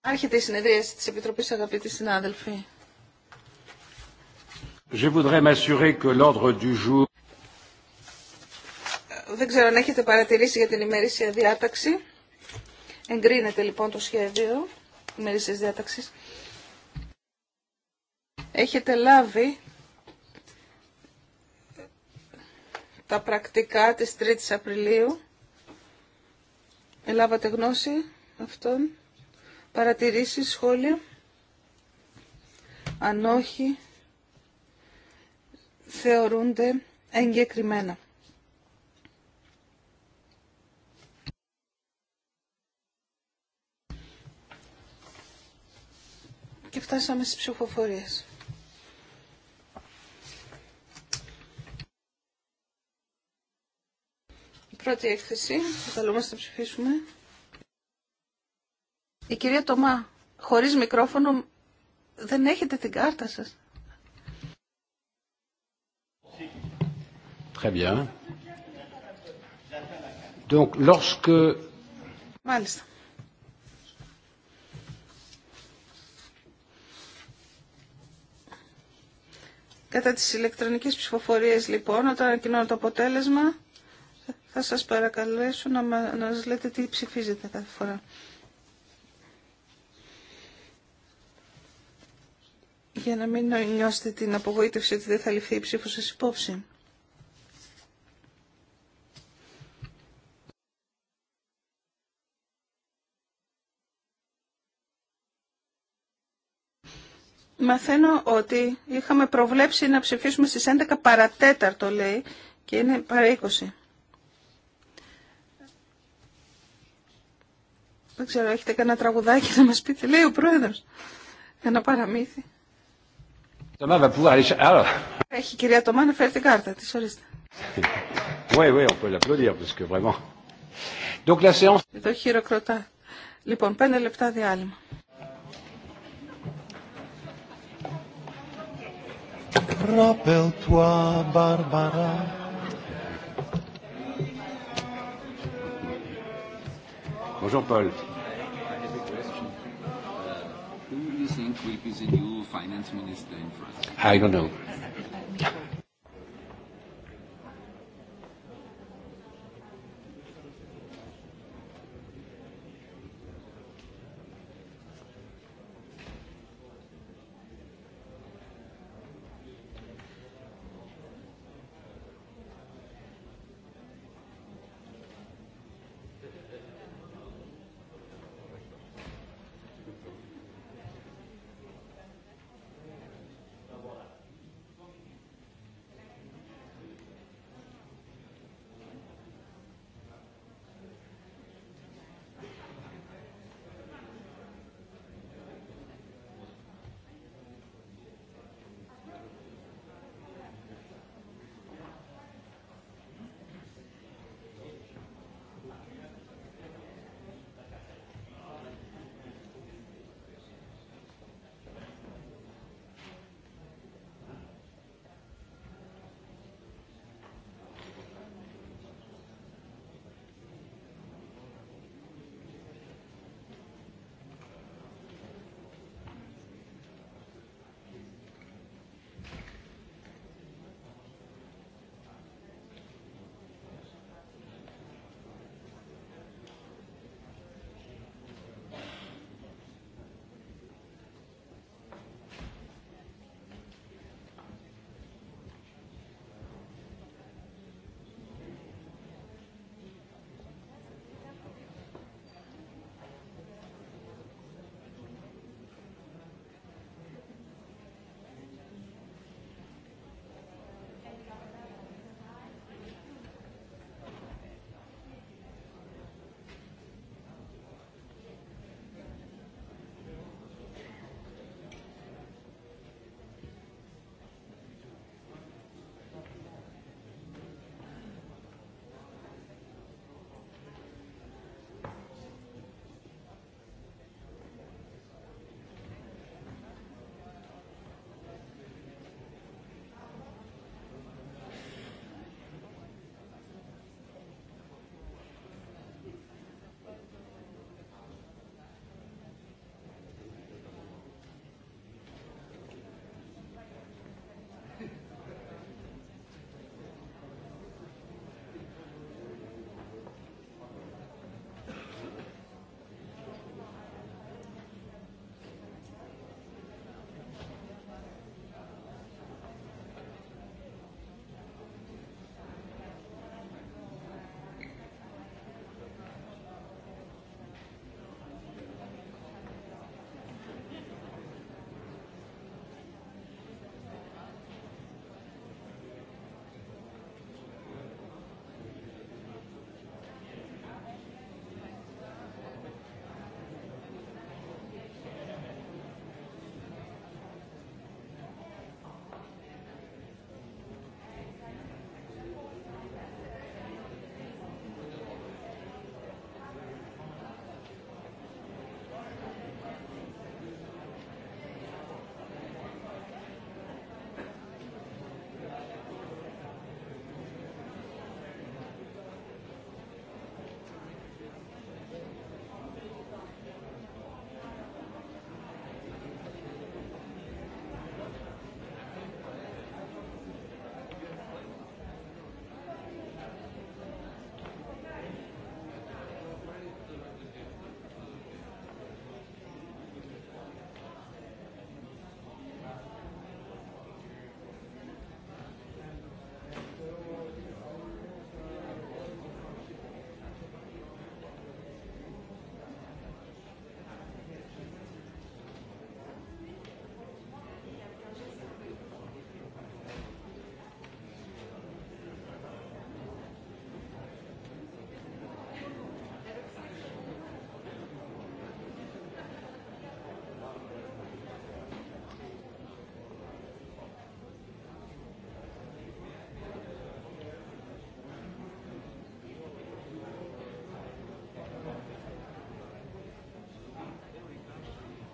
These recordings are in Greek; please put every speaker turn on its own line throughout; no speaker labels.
Άρχεται η συνεδρίαση της Επιτροπής, αγαπητοί συνάδελφοι.
Je voudrais m'assurer que l'ordre du jour...
Δεν ξέρω αν έχετε παρατηρήσει για την ημερήσια διάταξη. Εγκρίνεται λοιπόν το σχέδιο ημερήσιας διάταξη. Έχετε λάβει τα πρακτικά της 3ης Απριλίου. Ελάβατε γνώση αυτών. Παρατηρήσεις, σχόλια. Αν όχι, θεωρούνται εγκεκριμένα. Και φτάσαμε στις ψηφοφορίες. Πρώτη έκθεση που να ψηφίσουμε. Η κυρία Τωμά, χωρίς μικρόφωνο, δεν έχετε την κάρτα σας.
Très bien. Donc, lorsque...
Μάλιστα. Κατά τις ηλεκτρονικές ψηφοφορίες, λοιπόν, όταν ανακοινώνω το αποτέλεσμα... Θα σας παρακαλέσω να μας λέτε τι ψηφίζετε κάθε φορά. Για να μην νιώσετε την απογοήτευση ότι δεν θα ληφθεί η ψήφο σας υπόψη. Μαθαίνω ότι είχαμε προβλέψει να ψηφίσουμε στις 11 παρατέταρτο λέει και είναι παρά 20. Δεν ξέρω, έχετε κανένα τραγουδάκι να μας πείτε, λέει ο πρόεδρος. Ένα παραμύθι. Έχει η κυρία Τωμά να φέρει την κάρτα της, ορίστε.
Ναι, ναι, on peut l'applaudir, parce que vraiment... Donc la séance...
χειροκροτά. Λοιπόν, πέντε λεπτά διάλειμμα.
Rappelle-toi, Barbara, Bonjour Paul. think will be the new finance minister in France? I don't know.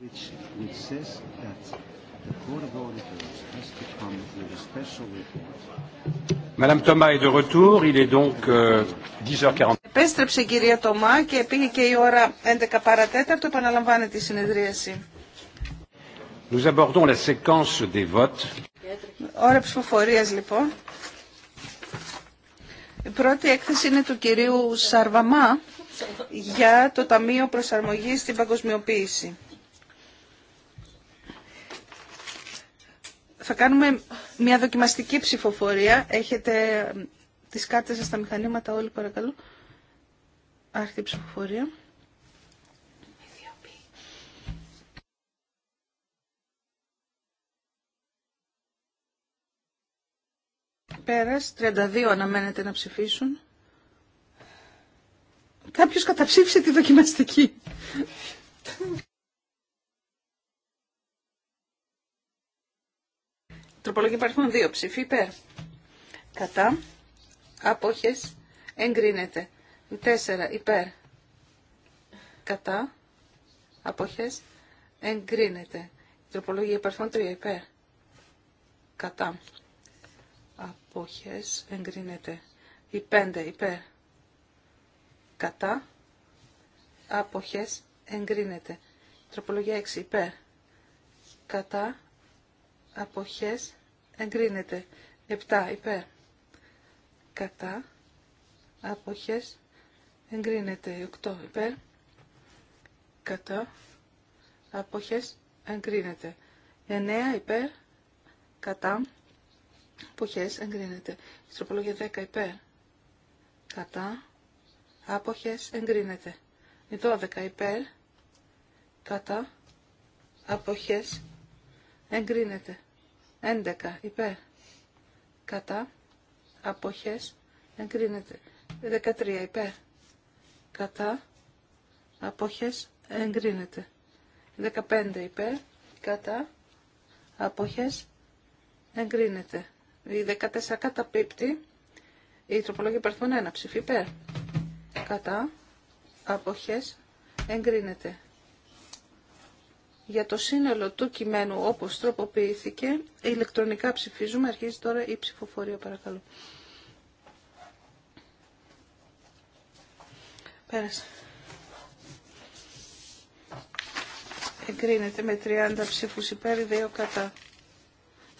which, which says that the Court of Auditors has to come with a special report. Madame Thomas est de retour, il est donc euh, 10h40.
Επέστρεψε η κυρία Τωμά και πήγε και η ώρα 11 παρατέταρτο, επαναλαμβάνεται η συνεδρίαση.
Nous abordons la séquence des votes.
Ώρα ψηφοφορίας λοιπόν. Η πρώτη έκθεση είναι του κυρίου Σαρβαμά για το Ταμείο Προσαρμογής στην Παγκοσμιοποίηση. Θα κάνουμε μια δοκιμαστική ψηφοφορία. Έχετε τις κάρτες σας στα μηχανήματα όλοι παρακαλώ. Άρχεται η ψηφοφορία. Πέρας, 32 αναμένεται να ψηφίσουν. Κάποιος καταψήφισε τη δοκιμαστική. Τροπολογία υπάρχουν δύο ψήφοι υπέρ. Κατά. Απόχες. Εγκρίνεται. Τέσσερα υπέρ. Κατά. Απόχες. Εγκρίνεται. Τροπολογία υπάρχουν τρία υπέρ. Κατά. Απόχες. Εγκρίνεται. Η πέντε υπέρ. Κατά. Απόχες. Εγκρίνεται. Τροπολογία 6 υπέρ. Κατά. Απόχες εγκρίνεται. 7 υπέρ κατά αποχές εγκρίνεται. 8 υπέρ κατά αποχές εγκρίνεται. 9 υπέρ κατά αποχές εγκρίνεται. Η 10 υπέρ κατά αποχές εγκρίνεται. 12 υπέρ κατά αποχές εγκρίνεται. 11 υπέρ κατά αποχές εγκρίνεται 13 υπέρ κατά αποχές εγκρίνεται 15 υπέρ κατά αποχές εγκρίνεται η 14 καταπίπτει η τροπολογία υπερθμών ένα ψηφί υπέρ κατά αποχές εγκρίνεται για το σύνολο του κειμένου όπως τροποποιήθηκε. Ηλεκτρονικά ψηφίζουμε. Αρχίζει τώρα η ψηφοφορία παρακαλώ. Πέρασε. Εγκρίνεται με 30 ψήφους υπέρ, 2 κατά.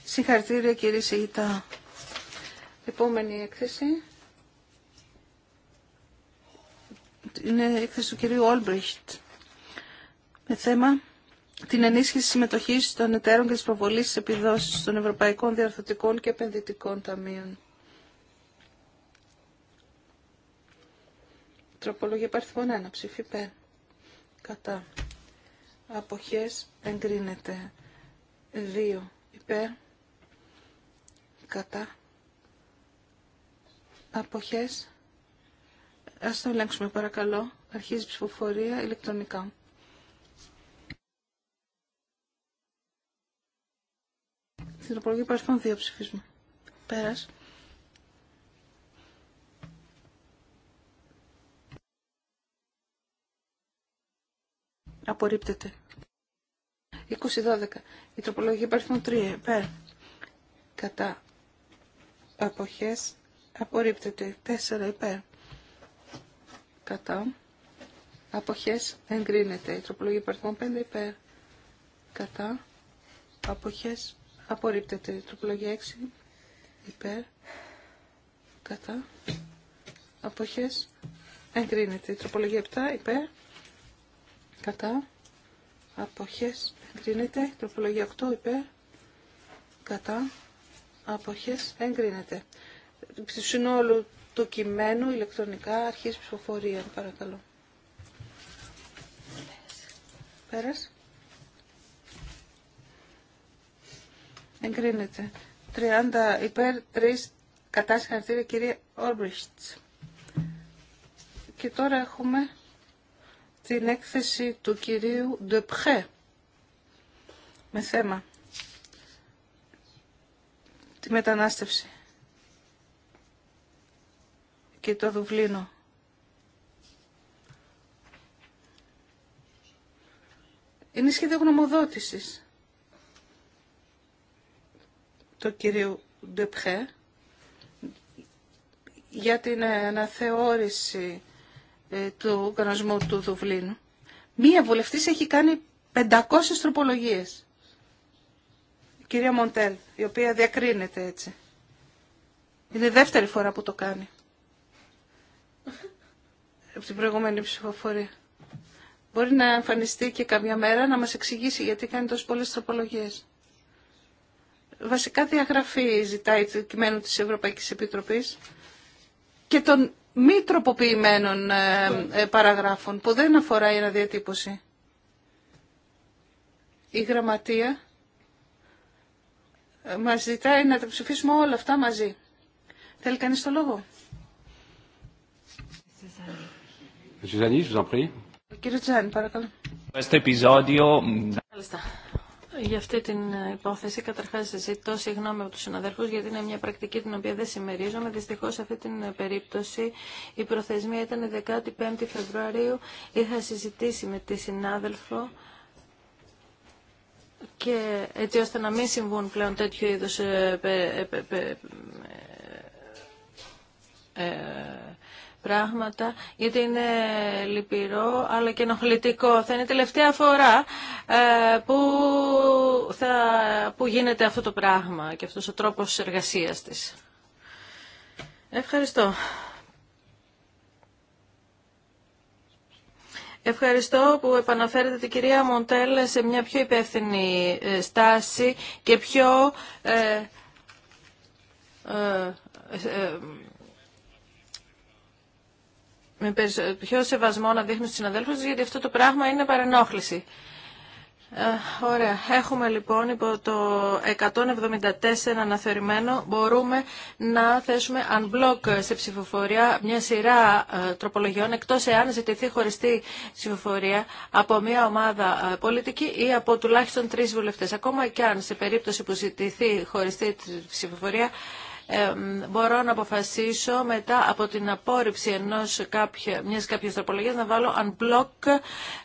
Συγχαρητήρια κύριε Σιγητά. Επόμενη έκθεση. Είναι έκθεση του κυρίου Όλμπριχτ. Με θέμα την ενίσχυση συμμετοχής των εταίρων και της προβολής της επιδόσης των Ευρωπαϊκών Διαρθωτικών και Επενδυτικών Ταμείων. Τροπολογία παρθμόν 1. Ψήφι υπέρ. Κατά. Αποχές εγκρίνεται. 2. Υπέρ. Κατά. Αποχές. Ας το ελέγξουμε παρακαλώ. Αρχίζει η ψηφοφορία ηλεκτρονικά. Την τροπολογία παρελθόν δύο ψηφίσμα. Πέρας. Απορρίπτεται. 20-12. Η τροπολογία υπάρχουν 3. πέρα. Κατά. Αποχές. Απορρίπτεται. 4. Υπέρ. Κατά. Αποχές. Εγκρίνεται. Η τροπολογία υπάρχουν 5. Υπέρ. Κατά. Αποχές. Απορρίπτεται. Τροπολογία 6. Υπέρ. Κατά. Αποχές. Εγκρίνεται. Τροπολογία 7. Υπέρ. Κατά. Αποχές. Εγκρίνεται. Τροπολογία 8. Υπέρ. Κατά. Αποχές. Εγκρίνεται. Συνόλου του κειμένου ηλεκτρονικά αρχής ψηφοφορία. Παρακαλώ. Πέρασε. Εγκρίνεται. 30 υπέρ, 3 κατά συγχαρητήρια κυρία Όρμπριχτς. Και τώρα έχουμε την έκθεση του κυρίου Ντεπχέ με θέμα τη μετανάστευση και το Δουβλίνο. Είναι σχέδιο γνωμοδότησης. Το κύριο Ντεπχέ για την αναθεώρηση ε, του κανονισμού του Δουβλίνου. Μία βουλευτής έχει κάνει 500 τροπολογίες. Η κυρία Μοντέλ, η οποία διακρίνεται έτσι. Είναι η δεύτερη φορά που το κάνει. Από την προηγούμενη ψηφοφορία. Μπορεί να εμφανιστεί και κάποια μέρα να μας εξηγήσει γιατί κάνει τόσο πολλές τροπολογίες βασικά διαγραφή ζητάει το κειμένο της Ευρωπαϊκής Επιτροπής και των μη τροποποιημένων ε, ε, παραγράφων που δεν αφορά η αναδιατύπωση. Η γραμματεία ε, μας ζητάει να τα ψηφίσουμε όλα αυτά μαζί. Θέλει κανείς το λόγο. Κύριε Τζάνη, παρακαλώ
για αυτή την υπόθεση. Καταρχάς ζητώ συγγνώμη από τους συναδέλφους γιατί είναι μια πρακτική την οποία δεν συμμερίζομαι. Δυστυχώς σε αυτή την περίπτωση η προθεσμία ήταν 15 Φεβρουαρίου. Είχα συζητήσει με τη συνάδελφο και έτσι ώστε να μην συμβούν πλέον τέτοιου είδους ε, ε, ε, πράγματα, γιατί είναι λυπηρό αλλά και ενοχλητικό. Θα είναι η τελευταία φορά ε, που, θα, που γίνεται αυτό το πράγμα και αυτός ο τρόπος εργασίας της. Ευχαριστώ. Ευχαριστώ που επαναφέρετε την κυρία Μοντέλ σε μια πιο υπεύθυνη ε, στάση και πιο ε, με πιο σεβασμό να δείχνουν στους συναδέλφους γιατί αυτό το πράγμα είναι παρενόχληση. Ε, ωραία. Έχουμε λοιπόν υπό το 174 αναθεωρημένο μπορούμε να θέσουμε unblock σε ψηφοφορία μια σειρά ε, τροπολογιών εκτός εάν ζητηθεί χωριστή ψηφοφορία από μια ομάδα ε, πολιτική ή από τουλάχιστον τρεις βουλευτές. Ακόμα και αν σε περίπτωση που ζητηθεί χωριστή ψηφοφορία μπορώ να αποφασίσω μετά από την απόρριψη ενός κάποια, μιας κάποιας τροπολογίας να βάλω unblock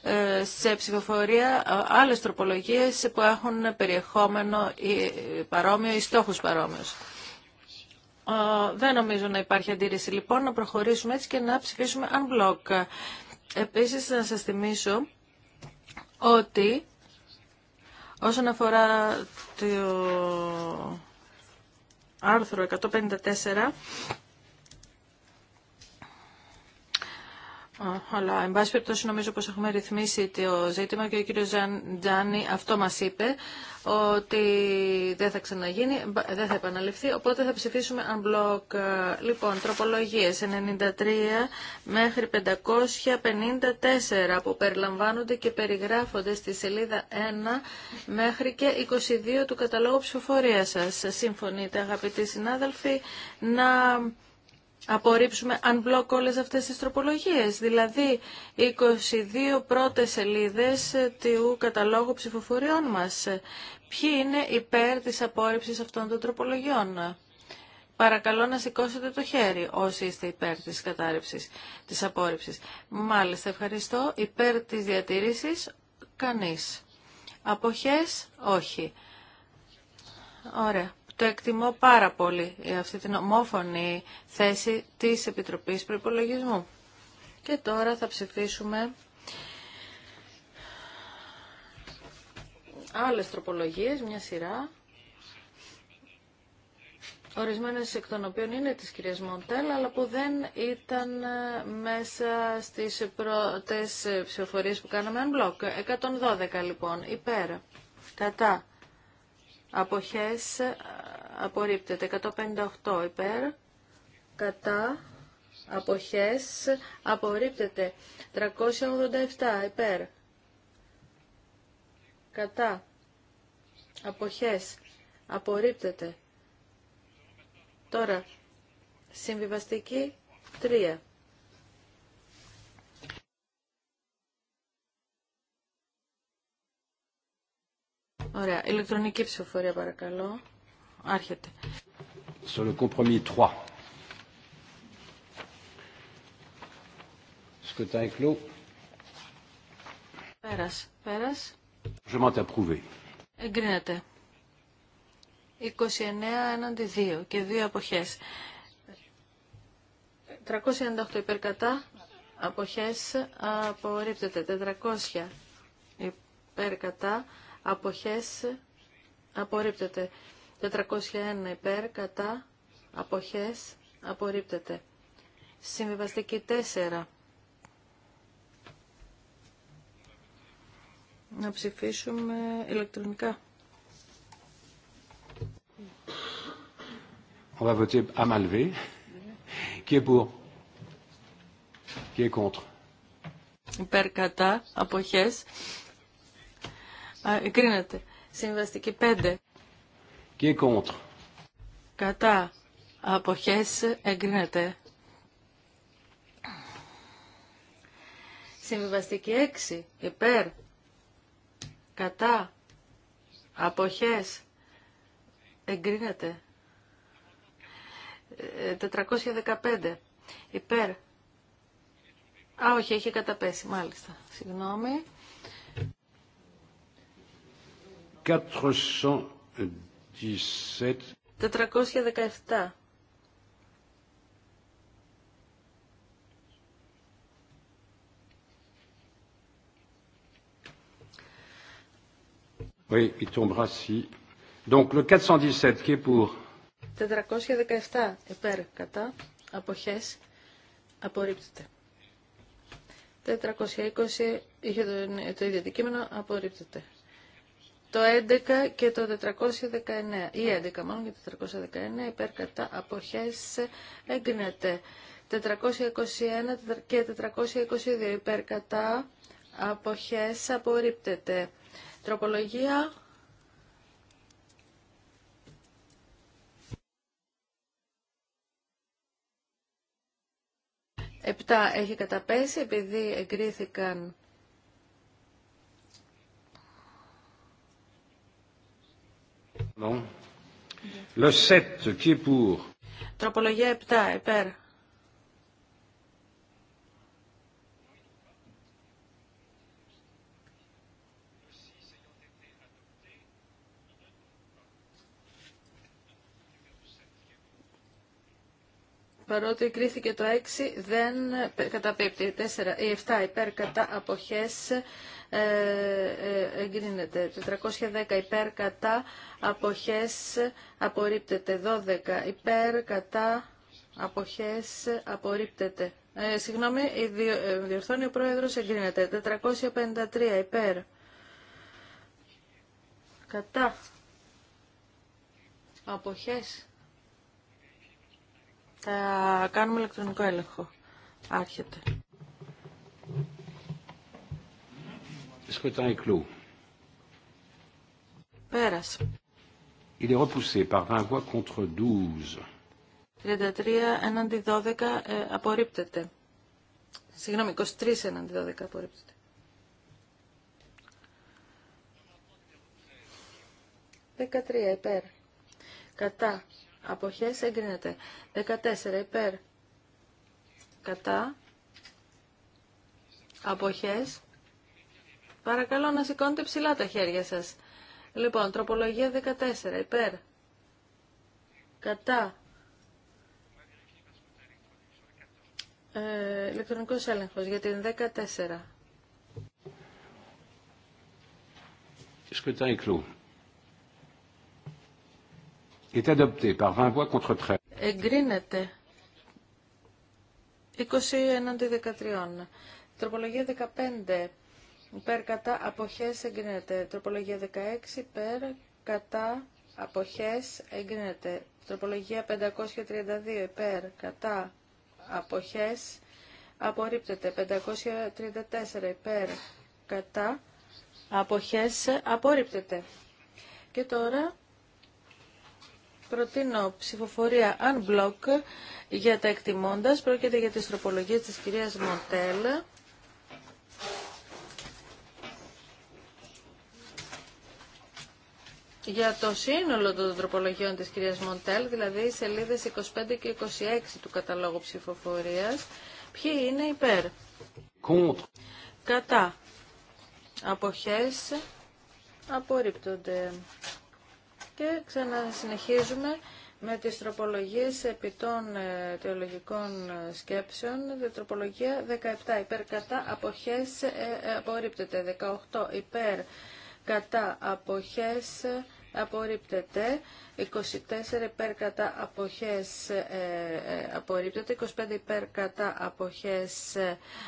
ε, σε ψηφοφορία ε, άλλες τροπολογίες που έχουν περιεχόμενο ή ε, παρόμοιο ή στόχους παρόμοιους. Δεν νομίζω να υπάρχει αντίρρηση λοιπόν να προχωρήσουμε έτσι και να ψηφίσουμε unblock. Επίσης να σας θυμίσω ότι όσον αφορά το άρθρο 154 αλλά εν πάση περιπτώσει νομίζω πως έχουμε ρυθμίσει το ζήτημα και ο κύριος Τζάνι αυτό μας είπε ότι δεν θα ξαναγίνει, δεν θα επαναληφθεί, οπότε θα ψηφίσουμε unblock. Ε, λοιπόν, τροπολογίες 93 μέχρι 554 που περιλαμβάνονται και περιγράφονται στη σελίδα 1 μέχρι και 22 του καταλόγου ψηφοφορίας σας. Συμφωνείτε αγαπητοί συνάδελφοι να απορρίψουμε αν όλες αυτές τις τροπολογίες, δηλαδή 22 πρώτες σελίδες του καταλόγου ψηφοφοριών μας. Ποιοι είναι υπέρ της απόρριψης αυτών των τροπολογιών. Παρακαλώ να σηκώσετε το χέρι όσοι είστε υπέρ της κατάρρευσης, της απόρριψης. Μάλιστα, ευχαριστώ. Υπέρ της διατήρησης, κανείς. Αποχές, όχι. Ωραία. Το εκτιμώ πάρα πολύ ε, αυτή την ομόφωνη θέση της Επιτροπής Προϋπολογισμού. Και τώρα θα ψηφίσουμε άλλες τροπολογίες, μια σειρά, ορισμένες εκ των οποίων είναι της κυρίας Μοντέλ, αλλά που δεν ήταν ε, μέσα στις πρώτες ε, ψηφοφορίες που κάναμε έναν μπλοκ, 112 λοιπόν, υπέρ, κατά, Αποχές ε, απορρίπτεται. 158 υπέρ. Κατά. Αποχές απορρίπτεται. 387 υπέρ. Κατά. Αποχές απορρίπτεται. Τώρα, συμβιβαστική 3 Ωραία. Ηλεκτρονική ψηφοφορία παρακαλώ. Άρχεται.
Στο le 3.
Πέρας. Πέρας. Je m'en Εγκρίνεται. 29 έναντι 2 και 2 αποχές. 398 υπερκατά κατά, αποχές απορρίπτεται. 400 υπερκατά αποχές απορρίπτεται. 401 υπέρ κατά αποχές απορρίπτεται. Συμβιβαστική 4. Να ψηφίσουμε ηλεκτρονικά.
On va voter à main levée. Qui est pour Qui est contre
Υπέρ κατά, αποχές, Εγκρίνεται. Συμβαστική 5. Και contre. Κατά. Αποχές εγκρίνεται. Συμβιβαστική 6. Υπέρ. Κατά. Αποχές. Εγκρίνεται. 415. Ε, Υπέρ. Α, όχι, έχει καταπέσει, μάλιστα. Συγγνώμη.
417.
417.
Oui, il tombera si. Donc le 417 qui est pour.
417 υπέρ κατά αποχές απορρίπτεται. 420 είχε το, το ίδιο αντικείμενο απορρίπτεται το 11 και το 419, ή 11 μάλλον και το 419 υπέρ κατά αποχές έγκρινεται. 421 και 422 υπέρ κατά αποχές απορρίπτεται. Τροπολογία 7 έχει καταπέσει επειδή εγκρίθηκαν
Non.
Le 7, qui est pour.
Τροπολογία 7, υπέρ. παρότι κρίθηκε το 6 δεν καταπέπτει 4, η 7 υπέρ κατά αποχές ε, ε, εγκρίνεται. 410 υπέρ κατά αποχές απορρίπτεται. 12 υπέρ κατά αποχές απορρίπτεται. Ε, συγγνώμη, ε, διορθώνει ο πρόεδρος εγκρίνεται. 453 υπέρ κατά αποχές θα κάνουμε ηλεκτρονικό έλεγχο. Άρχεται. Scrutin Πέρας.
Πέρασε. par 20 voix contre 12.
33 έναντι 12 ε, απορρίπτεται. Συγγνώμη, 23 έναντι 12 απορρίπτεται. 13 υπέρ. Κατά. Αποχές εγκρίνεται. 14 υπέρ. Κατά. Αποχές. Παρακαλώ να σηκώνετε ψηλά τα χέρια σας. Λοιπόν, τροπολογία 14 υπέρ. Κατά. Ε, ηλεκτρονικός έλεγχος για την 14
est adopté par 20 voix contre 13.
Εγκρίνεται 21 έναντι 13. Τροπολογία 15. Υπέρ κατά αποχές εγκρίνεται. Τροπολογία 16. Υπέρ κατά αποχές εγκρίνεται. Τροπολογία 532. Υπέρ κατά απόχέ απορρίπτεται. 534. Υπέρ κατά αποχές απορρίπτεται. Και τώρα προτείνω ψηφοφορία unblock για τα εκτιμώντας. Πρόκειται για τις τροπολογίες της κυρίας Μοντέλ. Για το σύνολο των τροπολογιών της κυρίας Μοντέλ, δηλαδή οι σελίδες 25 και 26 του καταλόγου ψηφοφορίας, ποιοι είναι υπέρ. Contre. Κατά. Αποχές απορρίπτονται και ξανασυνεχίζουμε με τις τροπολογίες επί των ε, θεολογικών ε, σκέψεων, τροπολογία 17 υπέρ κατά αποχές ε, απορρίπτεται, 18 υπέρ κατά αποχές απορρίπτεται. 24 ε, ε, ε, υπέρ κατά αποχές απορρίπτεται. 25 υπέρ κατά αποχές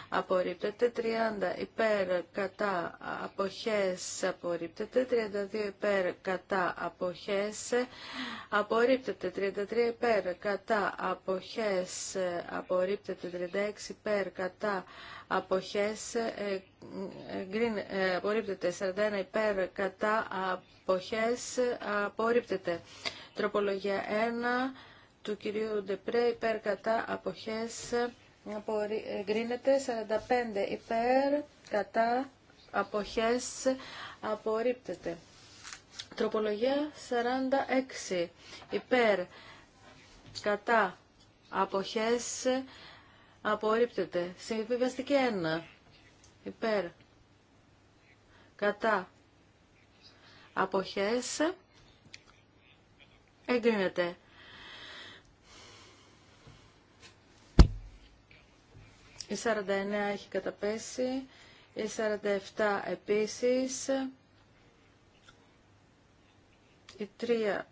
απορρίπτεται. 30 υπέρ κατά αποχές απορρίπτεται. 32 υπέρ κατά αποχές απορρίπτεται. 33 υπέρ κατά αποχές απορρίπτεται. 36 υπέρ κατά αποχές ε, γκριν, ε, απορρίπτεται. 41 υπέρ κατά αποχές απορρίπτεται. Τροπολογία 1 του κυρίου Ντεπρέ υπέρ κατά αποχές γκρίνεται. 45 υπέρ κατά αποχές απορρίπτεται. Τροπολογία 46 υπέρ κατά αποχές απορρίπτεται. Συμβιβαστική 1 υπέρ κατά αποχές εγκρίνεται. 49 έχει καταπέσει, η 47 επίσης, η 3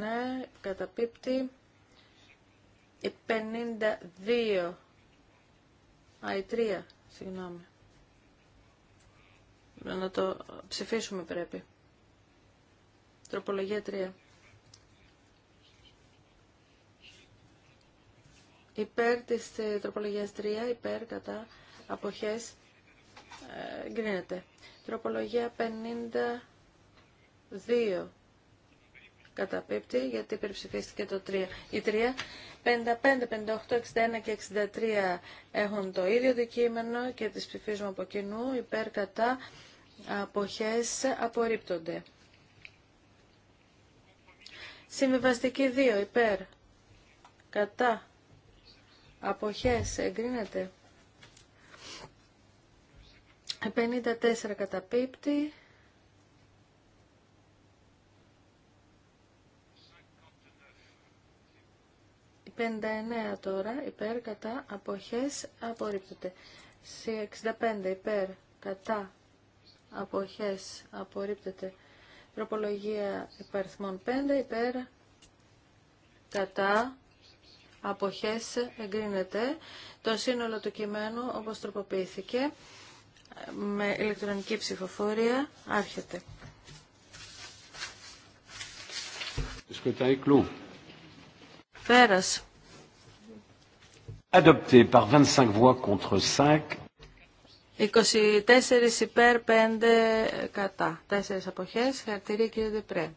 ναι, καταπίπτει, η 52 Α, η 3, συγγνώμη. Να το ψηφίσουμε πρέπει. Τροπολογία 3. Υπέρ της ε, τροπολογίας 3, υπέρ κατά αποχές ε, γκρίνεται. Τροπολογία 52 καταπίπτει γιατί υπερψηφίστηκε το 3. Η 3 55, 58, 61 και 63 έχουν το ίδιο δικείμενο και τις ψηφίζουμε από κοινού. Υπέρ κατά αποχές απορρίπτονται. Συμβιβαστική 2. Υπέρ κατά αποχές εγκρίνεται. 54 καταπίπτει. 59 τώρα, υπέρ, κατά, αποχές, απορρίπτεται. 65 υπέρ, κατά, αποχές, απορρίπτεται. Τροπολογία υπαριθμών 5 υπέρ, κατά, αποχές, εγκρίνεται. Το σύνολο του κειμένου όπως τροποποιήθηκε με ηλεκτρονική ψηφοφορία άρχεται. Πέρας.
Adopté par 25 voix contre 5.
24 υπέρ, 5 κατά. 4 αποχές. Χαρτίρια κύριε Δεπρέ.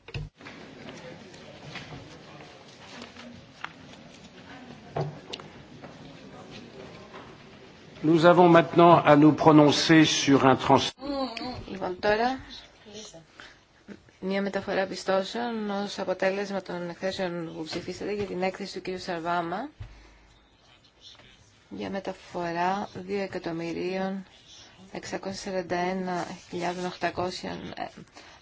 Nous avons maintenant à nous prononcer sur un trans...
Λοιπόν, τώρα μια μεταφορά πιστώσεων ω αποτέλεσμα των εκθέσεων που ψηφίσατε για την έκθεση του κ. Σαρβάμα για μεταφορά 2.641.800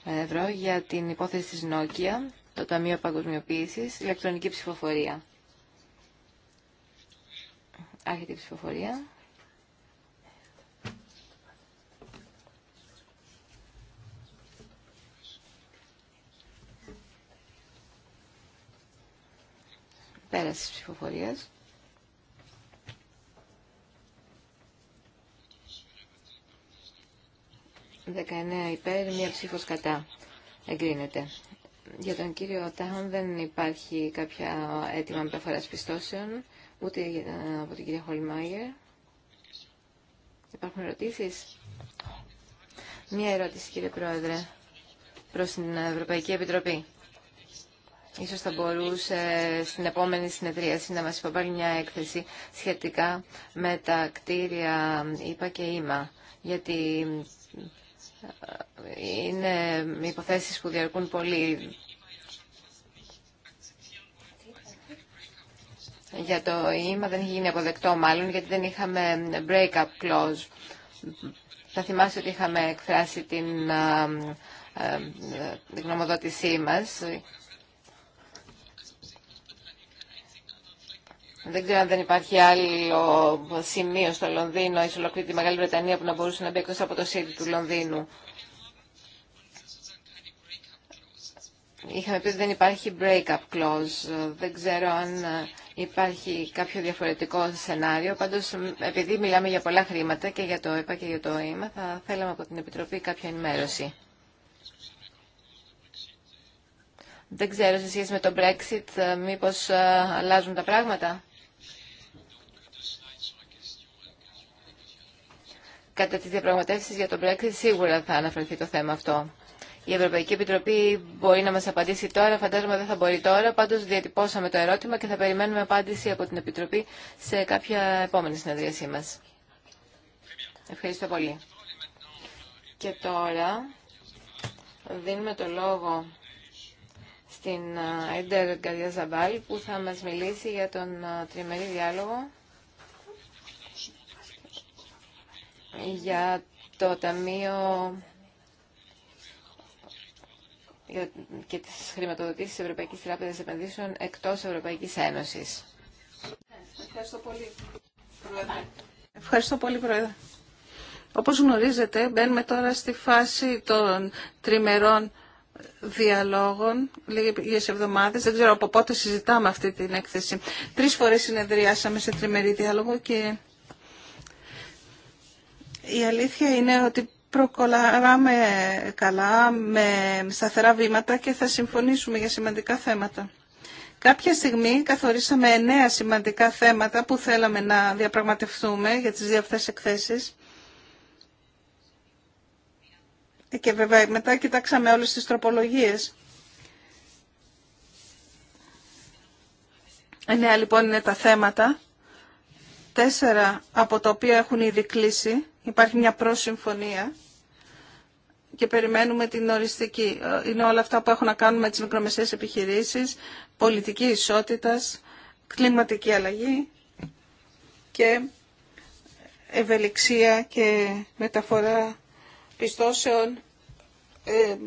ε, ευρώ για την υπόθεση της Νόκια, το Ταμείο Παγκοσμιοποίησης, ηλεκτρονική ψηφοφορία. Άρχεται η ψηφοφορία. Πέραση ψηφοφορία. 19 υπέρ, μία ψήφος κατά. Εγκρίνεται. Για τον κύριο Τάχον δεν υπάρχει κάποια αίτημα μεταφοράς πιστώσεων, ούτε από την κυρία Χολμάγερ. Υπάρχουν ερωτήσεις. Μία ερώτηση, κύριε Πρόεδρε, προς την Ευρωπαϊκή Επιτροπή. Ίσως θα μπορούσε στην επόμενη συνεδρίαση να μας υποβάλει μια έκθεση σχετικά με τα κτίρια ΙΠΑ και ΙΜΑ, γιατί ε, είναι υποθέσεις που διαρκούν πολύ. Για το ΙΜΑ δεν έχει γίνει αποδεκτό μάλλον, γιατί δεν είχαμε break-up clause. Θα θυμάστε ότι είχαμε εκφράσει την ε, ε, γνωμοδότησή μας Δεν ξέρω αν δεν υπάρχει άλλο σημείο στο Λονδίνο ή σε ολόκληρη τη Μεγάλη Βρετανία που να μπορούσε να μπει εκτός από το σύντη του Λονδίνου. Είχαμε πει ότι δεν υπάρχει break-up clause. Δεν ξέρω αν υπάρχει κάποιο διαφορετικό σενάριο. Πάντως, επειδή μιλάμε για πολλά χρήματα και για το ΕΠΑ και για το ΕΜΑ, θα θέλαμε από την Επιτροπή κάποια ενημέρωση. Δεν ξέρω σε σχέση με το Brexit, μήπως ε, αλλάζουν τα πράγματα. Κατά τις διαπραγματεύσεις για τον Brexit σίγουρα θα αναφερθεί το θέμα αυτό. Η Ευρωπαϊκή Επιτροπή μπορεί να μας απαντήσει τώρα, φαντάζομαι δεν θα μπορεί τώρα, πάντως διατυπώσαμε το ερώτημα και θα περιμένουμε απάντηση από την Επιτροπή σε κάποια επόμενη συνεδρίασή μας. Ευχαριστώ πολύ. Και τώρα δίνουμε το λόγο στην Έντερ Ζαμπάλ που θα μας μιλήσει για τον τριμερή διάλογο για το Ταμείο και τις χρηματοδοτήσεις της Ευρωπαϊκής Τράπεζας Επενδύσεων εκτός Ευρωπαϊκής Ένωσης.
Ευχαριστώ πολύ, Πρόεδρε. Ευχαριστώ πολύ, Πρόεδρε. Όπως γνωρίζετε, μπαίνουμε τώρα στη φάση των τριμερών διαλόγων λίγες εβδομάδες. Δεν ξέρω από πότε συζητάμε αυτή την έκθεση. Τρεις φορές συνεδριάσαμε σε τριμερή διάλογο και η αλήθεια είναι ότι προκολαράμε καλά με σταθερά βήματα και θα συμφωνήσουμε για σημαντικά θέματα. Κάποια στιγμή καθορίσαμε εννέα σημαντικά θέματα που θέλαμε να διαπραγματευτούμε για τις δύο αυτές εκθέσεις. Και βέβαια μετά κοιτάξαμε όλες τις τροπολογίες. Εννέα λοιπόν είναι τα θέματα. Τέσσερα από τα οποία έχουν ήδη κλείσει Υπάρχει μια προσυμφωνία και περιμένουμε την οριστική. Είναι όλα αυτά που έχουν να κάνουν με τις μικρομεσαίες επιχειρήσεις, πολιτική ισότητας, κλιματική αλλαγή και ευελιξία και μεταφορά πιστώσεων ε,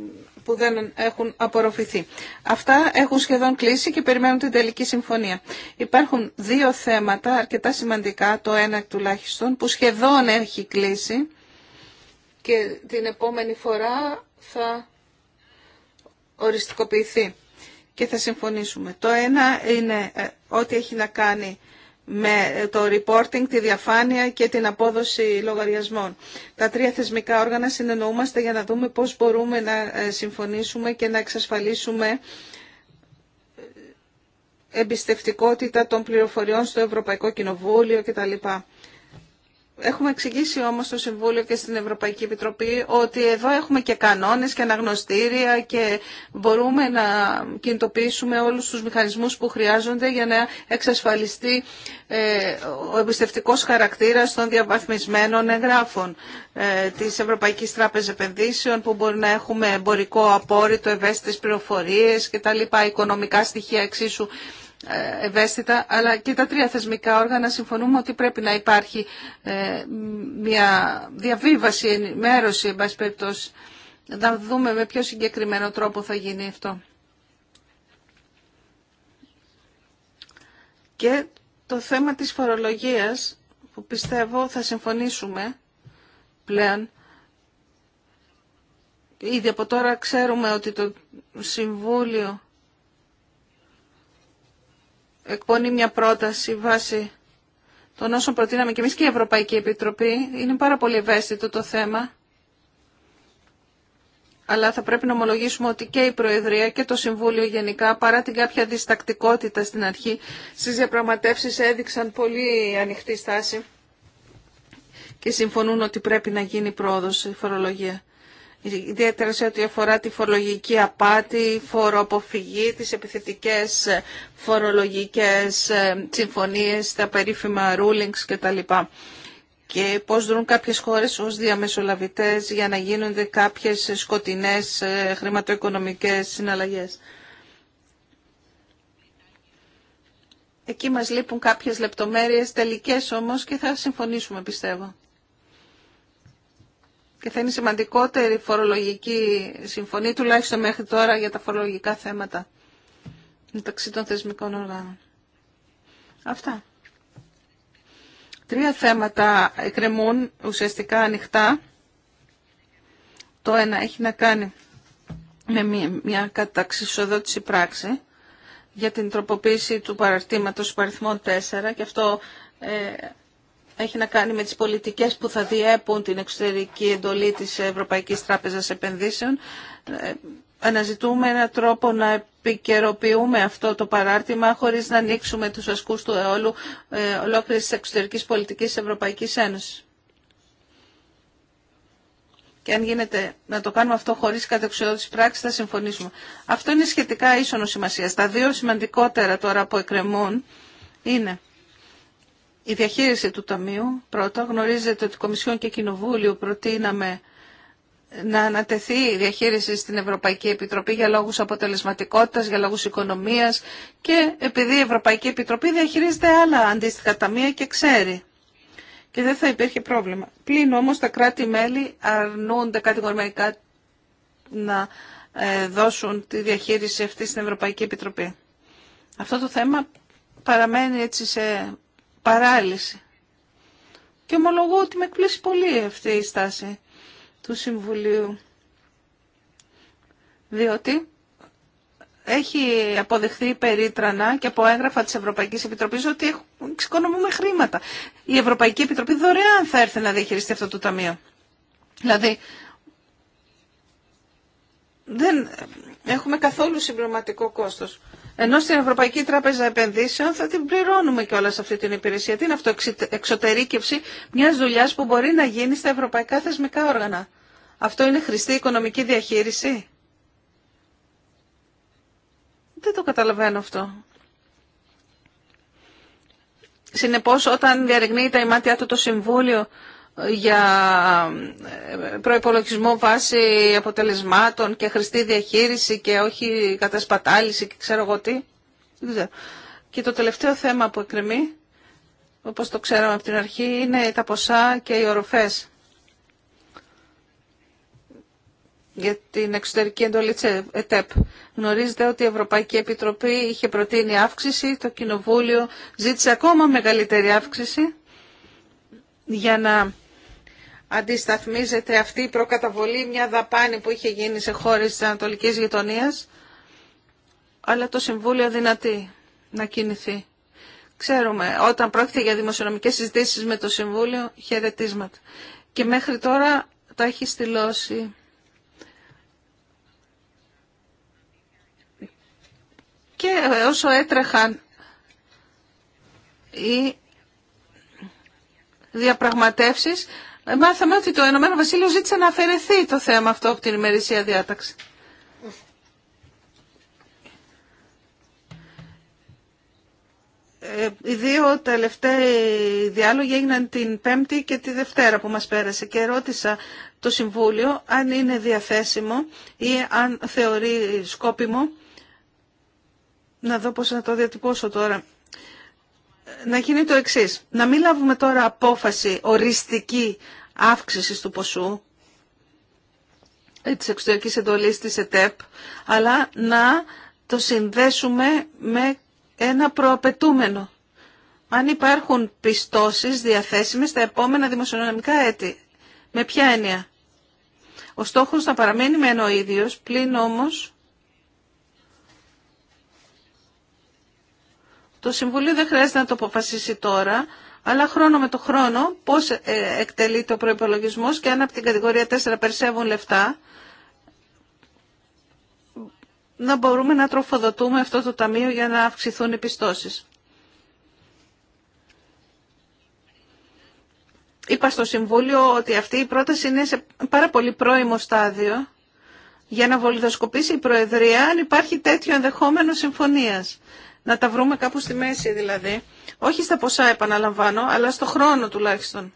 που δεν έχουν απορροφηθεί. Αυτά έχουν σχεδόν κλείσει και περιμένουν την τελική συμφωνία. Υπάρχουν δύο θέματα αρκετά σημαντικά, το ένα τουλάχιστον, που σχεδόν έχει κλείσει και την επόμενη φορά θα οριστικοποιηθεί και θα συμφωνήσουμε. Το ένα είναι ε, ό,τι έχει να κάνει με το reporting, τη διαφάνεια και την απόδοση λογαριασμών. Τα τρία θεσμικά όργανα συνεννοούμαστε για να δούμε πώς μπορούμε να ε, συμφωνήσουμε και να εξασφαλίσουμε εμπιστευτικότητα των πληροφοριών στο Ευρωπαϊκό Κοινοβούλιο κτλ. Έχουμε εξηγήσει όμως στο Συμβούλιο και στην Ευρωπαϊκή Επιτροπή ότι εδώ έχουμε και κανόνες και αναγνωστήρια και μπορούμε να κινητοποιήσουμε όλους τους μηχανισμούς που χρειάζονται για να εξασφαλιστεί ε, ο εμπιστευτικός χαρακτήρας των διαβαθμισμένων εγγράφων ε, της Ευρωπαϊκής Τράπεζα Επενδύσεων που μπορεί να έχουμε εμπορικό απόρριτο, ευαίσθητες πληροφορίες και τα λοιπά οικονομικά στοιχεία εξίσου ε, ευαίσθητα, αλλά και τα τρία θεσμικά όργανα συμφωνούμε ότι πρέπει να υπάρχει ε, μια διαβίβαση, ενημέρωση, εν πάση περιπτώσει, να δούμε με ποιο συγκεκριμένο τρόπο θα γίνει αυτό. Και το θέμα της φορολογίας, που πιστεύω θα συμφωνήσουμε πλέον, ήδη από τώρα ξέρουμε ότι το Συμβούλιο εκπονεί μια πρόταση βάσει των όσων προτείναμε και εμείς και η Ευρωπαϊκή Επιτροπή. Είναι πάρα πολύ ευαίσθητο το θέμα. Αλλά θα πρέπει να ομολογήσουμε ότι και η Προεδρία και το Συμβούλιο γενικά, παρά την κάποια διστακτικότητα στην αρχή, στις διαπραγματεύσεις έδειξαν πολύ ανοιχτή στάση και συμφωνούν ότι πρέπει να γίνει πρόοδος η φορολογία ιδιαίτερα σε ό,τι αφορά τη φορολογική απάτη, φοροαποφυγή, τις επιθετικές φορολογικές ε, συμφωνίες, τα περίφημα rulings κτλ. Και πώς δρούν κάποιες χώρες ως διαμεσολαβητές για να γίνονται κάποιες σκοτεινές ε, χρηματοοικονομικές συναλλαγές. Εκεί μας λείπουν κάποιες λεπτομέρειες τελικές όμως και θα συμφωνήσουμε πιστεύω και θα είναι σημαντικότερη φορολογική συμφωνία τουλάχιστον μέχρι τώρα για τα φορολογικά θέματα μεταξύ των θεσμικών οργάνων. Αυτά. Τρία θέματα εκκρεμούν ουσιαστικά ανοιχτά. Το ένα έχει να κάνει με μια καταξισοδότηση πράξη για την τροποποίηση του παραρτήματος παριθμών 4 και αυτό ε, έχει να κάνει με τις πολιτικές που θα διέπουν την εξωτερική εντολή της Ευρωπαϊκής Τράπεζας Επενδύσεων. Ε, αναζητούμε έναν τρόπο να επικαιροποιούμε αυτό το παράρτημα χωρίς να ανοίξουμε τους ασκούς του αιώλου ε, ολόκληρης της εξωτερικής πολιτικής της Ευρωπαϊκής Ένωσης. Και αν γίνεται να το κάνουμε αυτό χωρίς κατεξοδότηση πράξη θα συμφωνήσουμε. Αυτό είναι σχετικά ίσονο σημασία. Τα δύο σημαντικότερα τώρα που εκκρεμούν είναι η διαχείριση του Ταμείου, πρώτα, γνωρίζετε ότι Κομισιόν και Κοινοβούλιο προτείναμε να ανατεθεί η διαχείριση στην Ευρωπαϊκή Επιτροπή για λόγους αποτελεσματικότητας, για λόγους οικονομίας και επειδή η Ευρωπαϊκή Επιτροπή διαχειρίζεται άλλα αντίστοιχα ταμεία και ξέρει και δεν θα υπήρχε πρόβλημα. Πλην όμως τα κράτη-μέλη αρνούνται κατηγορηματικά να ε, δώσουν τη διαχείριση αυτή στην Ευρωπαϊκή Επιτροπή. Αυτό το θέμα παραμένει έτσι σε παράλυση. Και ομολογώ ότι με εκπλήσει πολύ αυτή η στάση του Συμβουλίου. Διότι έχει αποδεχθεί περίτρανα και από έγγραφα της Ευρωπαϊκής Επιτροπής ότι εξοικονομούμε χρήματα. Η Ευρωπαϊκή Επιτροπή δωρεάν θα έρθει να διαχειριστεί αυτό το ταμείο. Δηλαδή, δεν έχουμε καθόλου συμπληρωματικό κόστος. Ενώ στην Ευρωπαϊκή Τράπεζα Επενδύσεων θα την πληρώνουμε και όλα σε αυτή την υπηρεσία. Τι είναι αυτό, εξωτερήκευση μια δουλειά που μπορεί να γίνει στα ευρωπαϊκά θεσμικά όργανα. Αυτό είναι χρηστή οικονομική διαχείριση. Δεν το καταλαβαίνω αυτό. Συνεπώς όταν διαρριγνύει τα ημάτια του το Συμβούλιο για ε, προϋπολογισμό βάση αποτελεσμάτων και χρηστή διαχείριση και όχι κατασπατάληση και ξέρω εγώ τι. Και το τελευταίο θέμα που εκκρεμεί, όπως το ξέραμε από την αρχή, είναι τα ποσά και οι οροφές. για την εξωτερική εντολή της ΕΤΕΠ. Γνωρίζετε ότι η Ευρωπαϊκή Επιτροπή είχε προτείνει αύξηση, το Κοινοβούλιο ζήτησε ακόμα μεγαλύτερη αύξηση για να αντισταθμίζεται αυτή η προκαταβολή, μια δαπάνη που είχε γίνει σε χώρες της Ανατολικής Γειτονίας, αλλά το Συμβούλιο δυνατή να κινηθεί. Ξέρουμε, όταν πρόκειται για δημοσιονομικές συζητήσεις με το Συμβούλιο, χαιρετίσματα. Και μέχρι τώρα τα έχει στυλώσει. Και όσο έτρεχαν οι διαπραγματεύσεις, ε, μάθαμε ότι το Ηνωμένο Βασίλειο ζήτησε να αφαιρεθεί το θέμα αυτό από την ημερησία διάταξη. Ε, οι δύο τελευταίοι διάλογοι έγιναν την Πέμπτη και τη Δευτέρα που μας πέρασε και ρώτησα το Συμβούλιο αν είναι διαθέσιμο ή αν θεωρεί σκόπιμο να δω πώς να το διατυπώσω τώρα να γίνει το εξή. Να μην λάβουμε τώρα απόφαση οριστική αύξηση του ποσού ε, της εξωτερικής εντολής της ΕΤΕΠ, αλλά να το συνδέσουμε με ένα προαπαιτούμενο. Αν υπάρχουν πιστώσεις διαθέσιμες στα επόμενα δημοσιονομικά έτη. Με ποια έννοια. Ο στόχος να παραμείνει με ο ίδιος, πλην όμως Το Συμβουλίο δεν χρειάζεται να το αποφασίσει τώρα, αλλά χρόνο με το χρόνο πώς ε, εκτελείται ο προϋπολογισμός και αν από την κατηγορία 4 περισσεύουν λεφτά, να μπορούμε να τροφοδοτούμε αυτό το ταμείο για να αυξηθούν οι πιστώσεις. Είπα στο Συμβούλιο ότι αυτή η πρόταση είναι σε πάρα πολύ πρώιμο στάδιο για να βολιδοσκοπήσει η Προεδρία αν υπάρχει τέτοιο ενδεχόμενο συμφωνίας. Να τα βρούμε κάπου στη μέση δηλαδή. Όχι στα ποσά επαναλαμβάνω, αλλά στο χρόνο τουλάχιστον.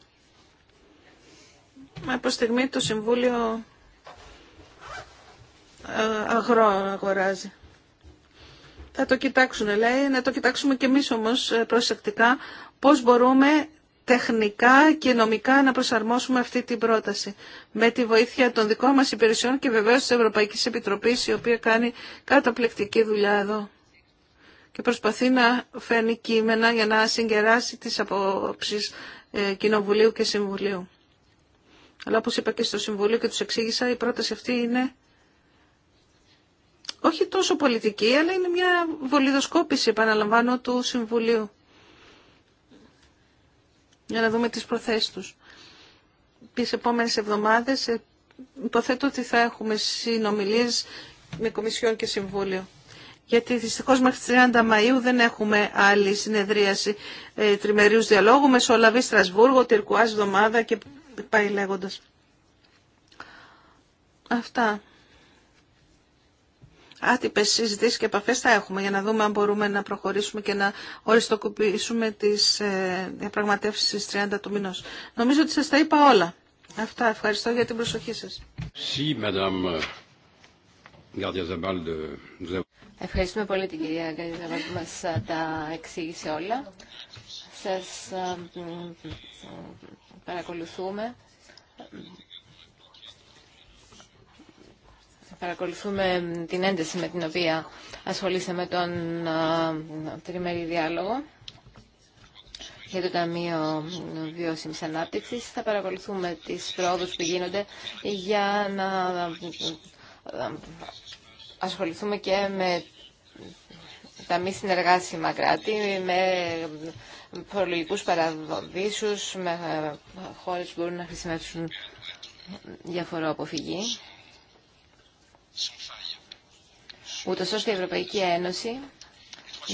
Με προς στιγμή το Συμβούλιο ε, αγρό αγοράζει. Θα το κοιτάξουν, λέει, να το κοιτάξουμε και εμείς όμως ε, προσεκτικά πώς μπορούμε τεχνικά και νομικά να προσαρμόσουμε αυτή την πρόταση. Με τη βοήθεια των δικών μας υπηρεσιών και βεβαίως της Ευρωπαϊκής Επιτροπής, η οποία κάνει καταπληκτική δουλειά εδώ και προσπαθεί να φέρνει κείμενα για να συγκεράσει τις απόψεις ε, Κοινοβουλίου και Συμβουλίου. Αλλά όπως είπα και στο Συμβουλίο και τους εξήγησα, η πρόταση αυτή είναι όχι τόσο πολιτική, αλλά είναι μια βολιδοσκόπηση, επαναλαμβάνω, του Συμβουλίου για να δούμε τις προθέσεις τους. Τις επόμενες εβδομάδες ε, υποθέτω ότι θα έχουμε συνομιλίες με Κομισιόν και Συμβούλιο. Γιατί δυστυχώ μέχρι 30 Μαΐου δεν έχουμε άλλη συνεδρίαση ε, διαλόγου. διαλόγου, Μεσολαβή Στρασβούργο, Τυρκουάς Εβδομάδα και πάει λέγοντας. Αυτά. Άτυπε, συζητήσει και επαφέ θα έχουμε για να δούμε αν μπορούμε να προχωρήσουμε και να οριστοκοπήσουμε τις ε, διαπραγματεύσει στι 30 του μηνό. Νομίζω ότι σα τα είπα όλα. Αυτά. Ευχαριστώ για την προσοχή σας.
Euh,
Ευχαριστούμε πολύ την κυρία Γκαρδιαζαμπάλ που μα, ε, τα εξήγησε όλα. σα ε, παρακολουθούμε. παρακολουθούμε την ένταση με την οποία ασχολήσαμε τον τριμερή διάλογο για το Ταμείο Βιώσιμη Ανάπτυξη. Θα παρακολουθούμε τι πρόοδου που γίνονται για να ασχοληθούμε και με τα μη συνεργάσιμα κράτη, με προλογικούς παραδείσους, με ε, χώρες που μπορούν να χρησιμεύσουν για αποφυγή ούτως ώστε η Ευρωπαϊκή Ένωση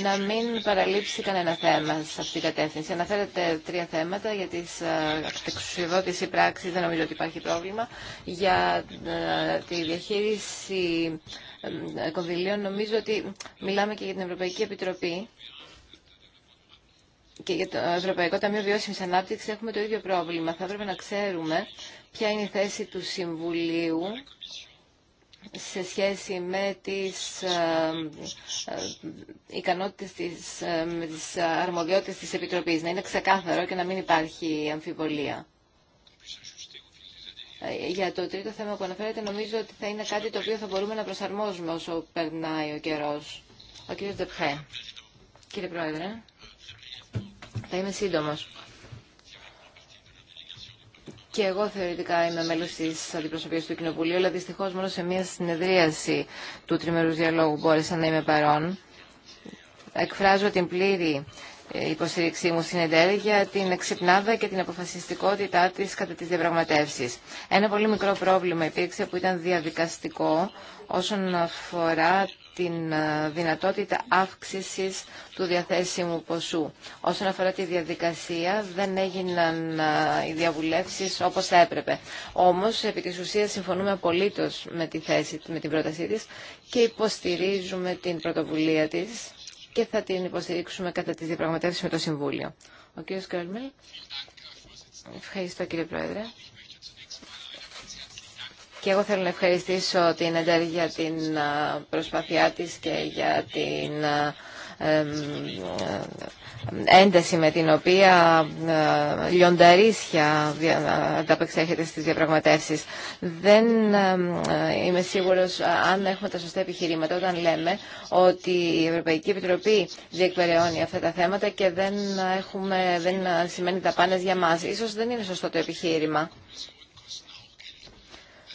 να μην παραλείψει κανένα θέμα σε αυτή την κατεύθυνση. Αναφέρατε τρία θέματα για τι ε, εξουσιοδότηση πράξη, δεν νομίζω ότι υπάρχει πρόβλημα. Για ε, τη διαχείριση ε, κονδυλίων νομίζω ότι μιλάμε και για την Ευρωπαϊκή Επιτροπή και για το Ευρωπαϊκό Ταμείο Βιώσιμης Ανάπτυξης έχουμε το ίδιο πρόβλημα. Θα έπρεπε να ξέρουμε ποια είναι η θέση του Συμβουλίου σε σχέση με τις ε, ε, ικανότητες της, ε, με τις αρμοδιότητες της Επιτροπής. Να είναι ξεκάθαρο και να μην υπάρχει αμφιβολία. Για το τρίτο θέμα που αναφέρετε, νομίζω ότι θα είναι κάτι το οποίο θα μπορούμε να προσαρμόσουμε όσο περνάει ο καιρός. Ο κύριος Δεπχέ. Κύριε Πρόεδρε, θα είμαι σύντομος. Και εγώ θεωρητικά είμαι μέλο τη αντιπροσωπεία του Κοινοβουλίου, αλλά δυστυχώ μόνο σε μία συνεδρίαση του τριμερού διαλόγου μπόρεσα να είμαι παρόν. Εκφράζω την πλήρη ε, υποστήριξή μου στην ΕΝΤΕΡ για την εξυπνάδα και την αποφασιστικότητά τη κατά τι διαπραγματεύσει. Ένα πολύ μικρό πρόβλημα υπήρξε που ήταν διαδικαστικό όσον αφορά την ε, δυνατότητα αύξησης του διαθέσιμου ποσού. Όσον αφορά τη διαδικασία, δεν έγιναν ε, οι διαβουλεύσεις όπως θα έπρεπε. Όμως, επί της ουσίας, συμφωνούμε απολύτως με, τη θέση, με την πρότασή της και υποστηρίζουμε την πρωτοβουλία της και θα την υποστηρίξουμε κατά τις διαπραγματεύσεις με το Συμβούλιο. Ο κ. Κέρμελ. Ευχαριστώ κύριε Πρόεδρε. Και εγώ θέλω να ευχαριστήσω την Εντέρη για την προσπάθειά της και για την ένταση με την οποία λιονταρίσια ανταπεξέρχεται στις διαπραγματεύσεις. Δεν είμαι σίγουρος αν έχουμε τα σωστά επιχειρήματα όταν λέμε ότι η Ευρωπαϊκή Επιτροπή διεκπεραιώνει αυτά τα θέματα και δεν, έχουμε, δεν σημαίνει τα πάνες για μας. Ίσως δεν είναι σωστό το επιχείρημα.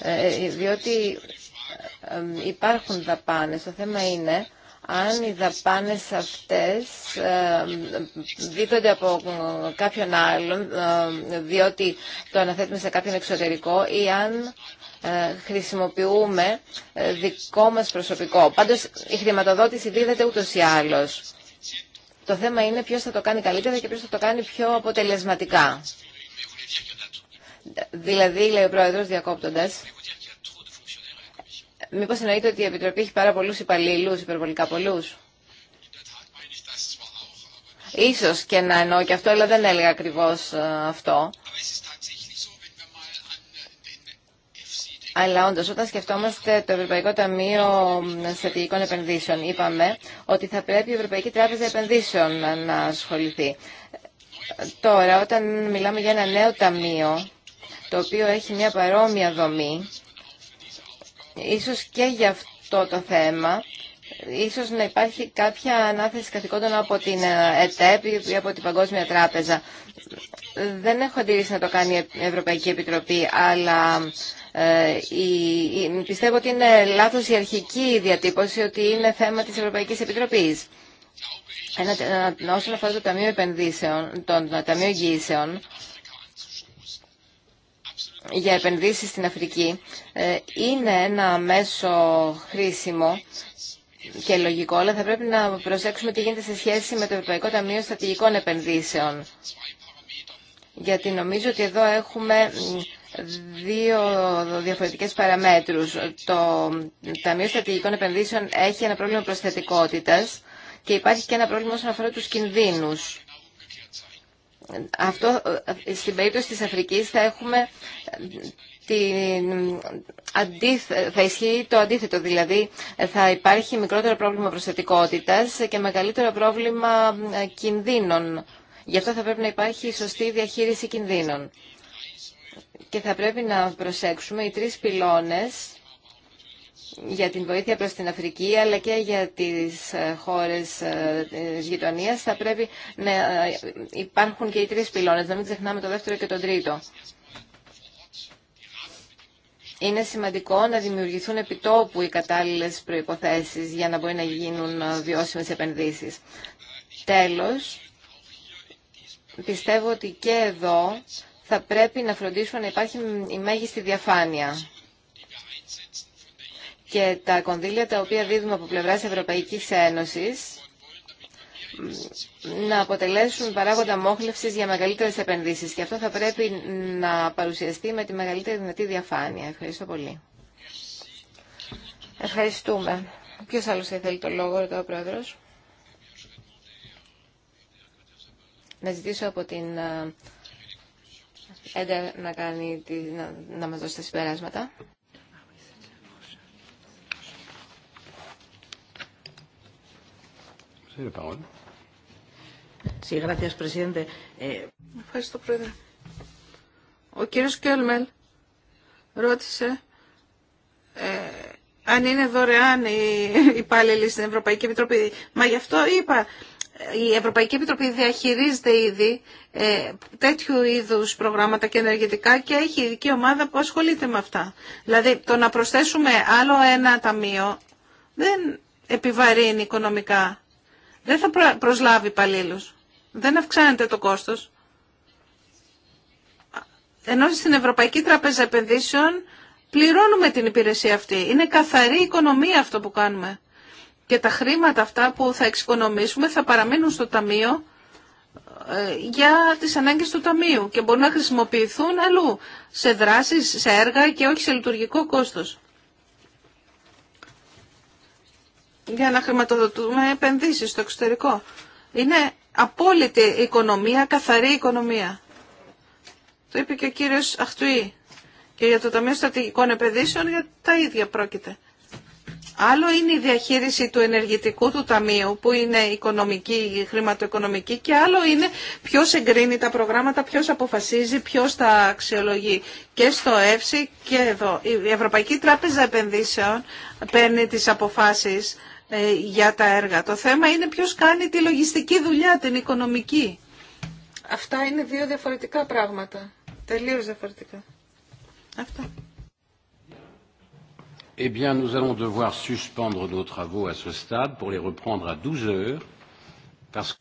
Ε, διότι υπάρχουν δαπάνες. Το θέμα είναι αν οι δαπάνες αυτές δίδονται από κάποιον άλλον, διότι το αναθέτουμε σε κάποιον εξωτερικό, ή αν ε, χρησιμοποιούμε ε, δικό μας προσωπικό. Πάντως η χρηματοδότηση δίδεται ούτως ή άλλως. Το θέμα είναι ποιος θα το κάνει καλύτερα και ποιος θα το κάνει πιο αποτελεσματικά. Δηλαδή, λέει ο Πρόεδρος διακόπτοντας, μήπως εννοείται ότι η Επιτροπή έχει πάρα πολλούς υπαλλήλους, υπερβολικά πολλούς. Ίσως και να εννοώ και αυτό, αλλά δεν έλεγα ακριβώς ε, αυτό. Αλλά όντω, όταν σκεφτόμαστε το Ευρωπαϊκό Ταμείο Στρατηγικών Επενδύσεων, είπαμε ότι θα πρέπει η Ευρωπαϊκή Τράπεζα Επενδύσεων να ασχοληθεί. Τώρα, όταν μιλάμε για ένα νέο ταμείο, το οποίο έχει μια παρόμοια δομή, ίσως και για αυτό το θέμα, ίσως να υπάρχει κάποια ανάθεση καθηκόντων από την ε, ΕΤΕΠ ή από την Παγκόσμια Τράπεζα. Δεν έχω αντίρρηση να το κάνει η Ευρωπαϊκή Επιτροπή, αλλά ε, πιστεύω ότι είναι λάθος η αρχική διατύπωση ότι είναι θέμα της Ευρωπαϊκής Επιτροπής. Ένα, όσον αφορά το Ταμείο Επενδύσεων, το Ταμείο Εγγύησεων, για επενδύσεις στην Αφρική ε, είναι ένα μέσο χρήσιμο και λογικό, αλλά θα πρέπει να προσέξουμε τι γίνεται σε σχέση με το Ευρωπαϊκό Ταμείο Στατηγικών Επενδύσεων. Γιατί νομίζω ότι εδώ έχουμε δύο διαφορετικές παραμέτρους. Το Ταμείο Στατηγικών Επενδύσεων έχει ένα πρόβλημα προσθετικότητας και υπάρχει και ένα πρόβλημα όσον αφορά τους κινδύνους αυτό ε, στην περίπτωση της Αφρικής θα έχουμε ε, ισχύει το αντίθετο, δηλαδή ε, θα υπάρχει μικρότερο πρόβλημα προσθετικότητας και μεγαλύτερο πρόβλημα κινδύνων. Γι' αυτό θα πρέπει να υπάρχει σωστή διαχείριση κινδύνων. Και θα πρέπει να προσέξουμε οι τρεις πυλώνες για την βοήθεια προς την Αφρική αλλά και για τις ε, χώρες ε, της γειτονίας θα πρέπει να ε, υπάρχουν και οι τρεις πυλώνες, να μην ξεχνάμε το δεύτερο και το τρίτο. Είναι σημαντικό να δημιουργηθούν επιτόπου οι κατάλληλες προϋποθέσεις για να μπορεί να γίνουν βιώσιμες επενδύσεις. Τέλος, πιστεύω ότι και εδώ θα πρέπει να φροντίσουμε να υπάρχει η μέγιστη διαφάνεια και τα κονδύλια τα οποία δίδουμε από πλευράς Ευρωπαϊκής Ένωσης να αποτελέσουν παράγοντα μόχλευσης για μεγαλύτερες επενδύσεις και αυτό θα πρέπει να παρουσιαστεί με τη μεγαλύτερη δυνατή διαφάνεια. Ευχαριστώ πολύ. Ευχαριστούμε. Ποιος άλλος θα ήθελε το λόγο, το ο Πρόεδρος. Να ζητήσω από την Έντα να, κάνει, να μας δώσει τα συμπεράσματα.
Eh,
Ευχαριστώ, Πρόεδρε. Ο κύριος Κέλμελ ρώτησε ε, αν είναι δωρεάν οι υπάλληλοι στην Ευρωπαϊκή Επιτροπή. Μα γι' αυτό είπα, η Ευρωπαϊκή Επιτροπή διαχειρίζεται ήδη ε, τέτοιου είδους προγράμματα και ενεργητικά και έχει ειδική ομάδα που ασχολείται με αυτά. Δηλαδή το να προσθέσουμε άλλο ένα ταμείο δεν επιβαρύνει οικονομικά δεν θα προσλάβει υπαλλήλου. Δεν αυξάνεται το κόστος. Ενώ στην Ευρωπαϊκή Τράπεζα Επενδύσεων πληρώνουμε την υπηρεσία αυτή. Είναι καθαρή οικονομία αυτό που κάνουμε. Και τα χρήματα αυτά που θα εξοικονομήσουμε θα παραμείνουν στο Ταμείο ε, για τις ανάγκες του Ταμείου και μπορούν να χρησιμοποιηθούν αλλού, σε δράσεις, σε έργα και όχι σε λειτουργικό κόστος. για να χρηματοδοτούμε επενδύσεις στο εξωτερικό. Είναι απόλυτη οικονομία, καθαρή οικονομία. Το είπε και ο κύριος Αχτουή. Και για το Ταμείο Στρατηγικών Επενδύσεων για τα ίδια πρόκειται. Άλλο είναι η διαχείριση του ενεργητικού του ταμείου που είναι οικονομική, χρηματοοικονομική και άλλο είναι ποιος εγκρίνει τα προγράμματα, ποιος αποφασίζει, ποιος τα αξιολογεί. Και στο ΕΦΣΙ και εδώ. Η Ευρωπαϊκή Τράπεζα Επενδύσεων παίρνει τις αποφάσεις ε, για τα έργα. Το θέμα είναι ποιος κάνει τη λογιστική δουλειά, την οικονομική. Αυτά είναι δύο διαφορετικά πράγματα. Τελείως διαφορετικά. Αυτά.
Eh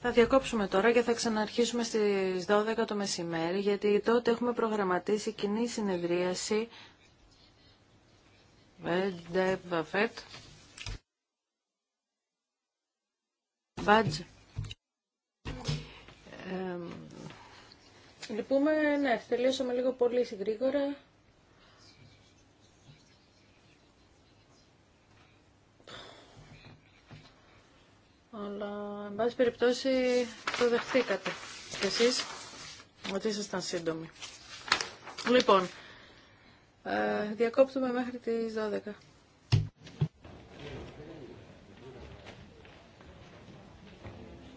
Θα διακόψουμε τώρα και θα ξαναρχίσουμε στις 12 το μεσημέρι, γιατί τότε έχουμε προγραμματίσει κοινή συνεδρίαση. Ε, Μπάτζ. Λυπούμε, ναι, τελείωσαμε λίγο πολύ γρήγορα. Αλλά, εν πάση περιπτώσει, το δεχτήκατε κι εσείς ότι ήσασταν σύντομοι. Λοιπόν, ε, διακόπτουμε μέχρι τις 12.